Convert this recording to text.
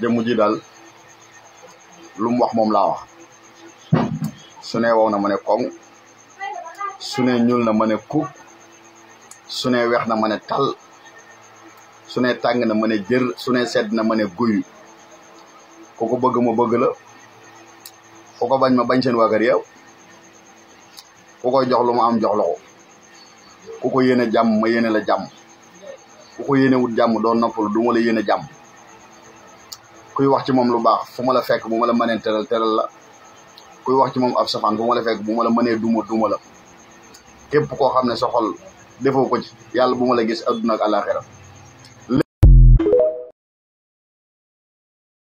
jëmm ji daal lu mu wax moom la wax su ne wow na ma ne koŋ su ñuul na mane ne kuk su ne weex na mane ne tal su ne tàng na ma ne jër sune ne sedd na mane ne guyu ku bëgg ma bëgg la ku bañ ma bañ seen waa kër yow ku koy jox am jox la ko ku jàmm ma yéene la jàmm ku ko yéene wut jàmm doo noppalu du ma la yéene jàmm kuy wax ci moom lu baax fu ma la fekk bu ma la mënee teral teral la kuy wax ci moom ab safaan bu ma la fekk bu ma la mënee duma duma la képp koo xam ne sa xol defoo ko ci yàlla bu ma la gis adduna ak àllaaxira